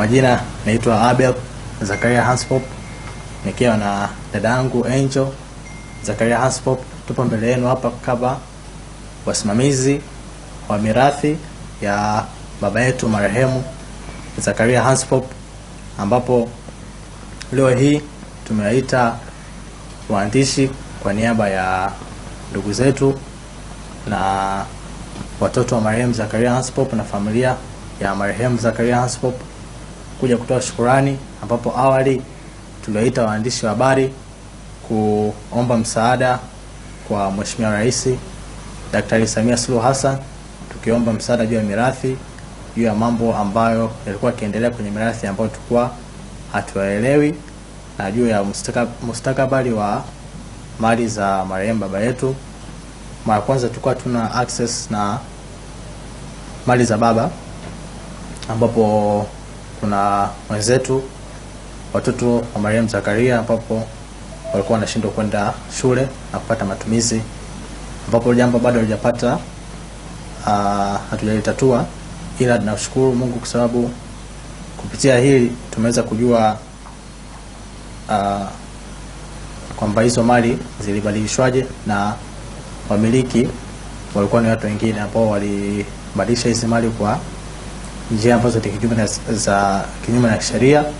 majina, naitwa Abel Zakaria Hanspop nikiwa na dada yangu Angel Zakaria Hanspop. Tupo mbele yenu hapa kama wasimamizi wa mirathi ya baba yetu marehemu Zakaria Hanspop, ambapo leo hii tumewaita waandishi kwa niaba ya ndugu zetu na watoto wa marehemu Zakaria Hanspop na familia ya marehemu Zakaria Hanspop kuja kutoa shukurani, ambapo awali tuliwaita waandishi wa habari kuomba msaada kwa Mheshimiwa Rais Daktari Samia Suluhu Hassan, tukiomba msaada juu ya mirathi, juu ya mambo ambayo yalikuwa yakiendelea kwenye mirathi ambayo tulikuwa hatuwaelewi na juu ya mustakabali wa mali za marehemu baba yetu. Mara kwanza tulikuwa tuna access na mali za baba ambapo kuna wenzetu watoto wa Mariam Zakaria ambapo walikuwa wanashindwa kwenda shule na kupata matumizi, ambapo jambo bado halijapata ah, hatujalitatua, ila tunashukuru Mungu kwa sababu kupitia hili tumeweza kujua ah, kwamba hizo mali zilibadilishwaje na wamiliki walikuwa ni watu wengine ambao walibadilisha hizi mali kwa njia ambazo za kinyume na sheria